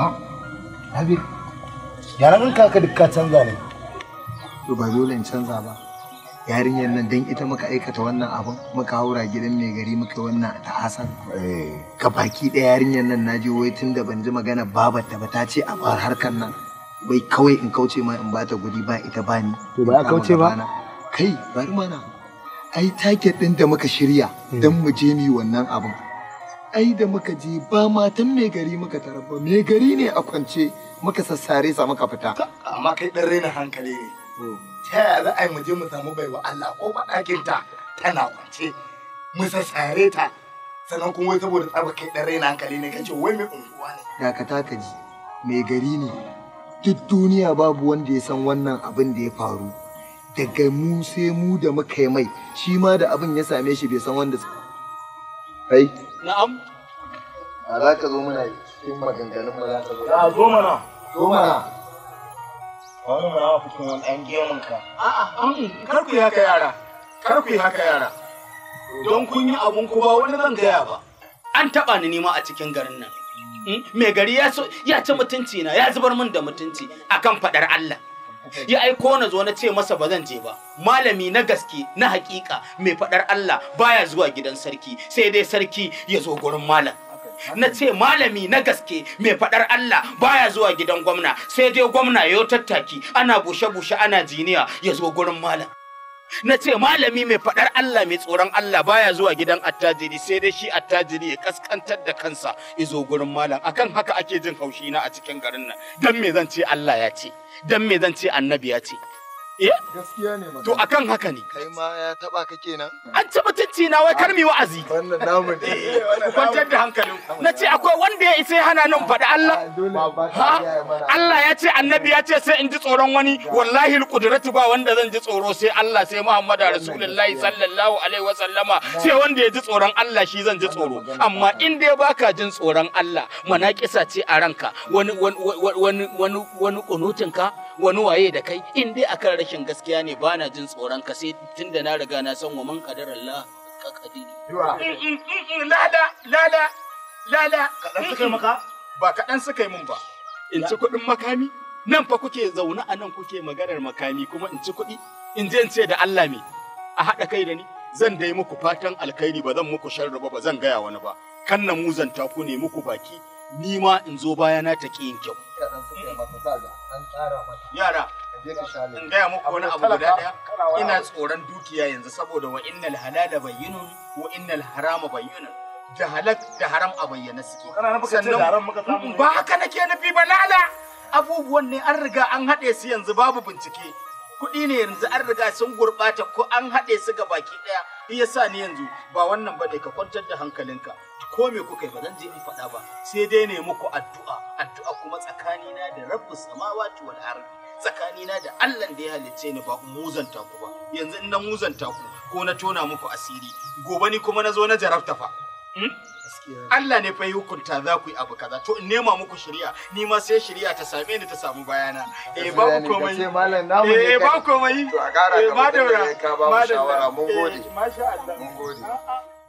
Ah, Habib, yaren kaka duk ka canza ne. To ba dole in canza ba. Yarinyar nan dan ita muka aikata wannan abin muka haura gidan mai gari muka wannan ta Hassan. Ka eh. baki ɗaya yarinyar nan na wai tun da ban ji magana babar ta ba ta ce a bar harkar nan. Bai kawai in kauce ma in bata gudi ba ita ba ni. To ba ya kauce ba? Kai bari mana. ai target ɗin da muka shirya hmm. don mu je mi wannan abin ai da muka je ba matan mai gari muka tarabba mai gari ne a kwance muka sassare sa muka fita amma kai dan raina hankali ne hmm. ta yaya za a yi mu je mu samu baiwa Allah ko ɗakin ta tana kwance mu sassare ta sannan kuma wai saboda tsaba kai dan raina hankali ne kace wai mai unguwa ne dakata ka ji mai gari ne duk duniya babu wanda ya san wannan abin da ya faru daga mu sai mu da muka yi mai shi ma da abin ya same shi bai san wanda kai na'am a za ka zo mana cikin maganganun ba za ka zo a zo mana zo mana wani mana a fukun wani an gemun ka a'a kar ku yi haka yara kar ku yi haka yara don kun yi abun ku ba wani zan gaya ba an taba ni nima a cikin garin nan hmm? mai gari ya ce mutunci na ya zubar min da mutunci akan fadar Allah ya aiko na zo na ce masa ba zan je ba malami na gaske na hakika mai fadar Allah baya zuwa gidan sarki sai dai sarki ya zo gurin malam na ce malami na gaske mai fadar Allah baya zuwa gidan gwamna sai dai gwamna ya tattaki ana bushe-bushe ana jiniya ya zo gurin malam na ce malami mai faɗar Allah mai tsoron Allah baya zuwa gidan attajiri sai dai shi attajiri ya kaskantar da kansa ya zo gurin malam akan haka ake jin haushi na a cikin garin nan dan me zan ce Allah ya ce dan me zan ce annabi ya ce Eh? Gaskiya ne To akan haka ne. Kai ma ya taba ka kenan. An ci mutunci na wai karmi wa'azi. Eh, wannan namu ne. Ku kwantar da hankalin. Na ce akwai wanda ya isa hana nan faɗi Allah. Ah, Allah ya ce annabi ya ce sai in ji tsoron wani wallahi alqudratu ba wanda zan ji tsoro sai Allah sai Muhammadu Rasulullahi sallallahu alaihi wa sallama sai wanda ya ji tsoron Allah shi zan ji tsoro. Amma in dai baka jin tsoron Allah kisa ce a ranka wani wani wani wani wani kunutinka wani waye da kai in dai akan rashin gaskiya ne ba na jin tsoron ka sai da na riga na san wa man Allah ka qadiri lada lada lada dan suka maka ba dan suka yi mun ba in ci kuɗin makami nan fa kuke zaune a nan kuke maganar makami kuma in ci kuɗi in je in ce da Allah me a haɗa kai da ni zan dai muku fatan alkhairi ba zan muku sharri ba ba zan gaya wani ba kan na muzanta ku ne muku baki ni ma in zo baya na ta ƙi yin kyau yara in gaya muku wani abu guda ɗaya ina tsoron dukiya yanzu saboda wa innal halala harama da halak da haram a bayyana suke sannan ba haka nake nufi ba lala abubuwan ne an riga an haɗe su yanzu babu bincike kuɗi ne yanzu an riga sun gurɓata ko an haɗe su ga baki ɗaya iya sa ni yanzu ba wannan ba ne ka kwantar da hankalinka ko me kuka yi ba zan je in faɗa ba sai dai ne muku addu'a kuma tsakanina da rabbu samawati wal ardi tsakanina da Allah da ya halicce ni ba muzanta ku ba yanzu in na muzanta ku ko na tona muku asiri gobe ni kuma na zo na jarabta fa hmm? Allah ne fa yi hukunta za ku yi abu kaza to in nema muku shari'a ni ma sai shari'a ta same ni ta samu bayana eh, eh, eh, eh ba ku komai eh ba ku komai eh ba ku komai ba da shawara mun gode masha Allah mun gode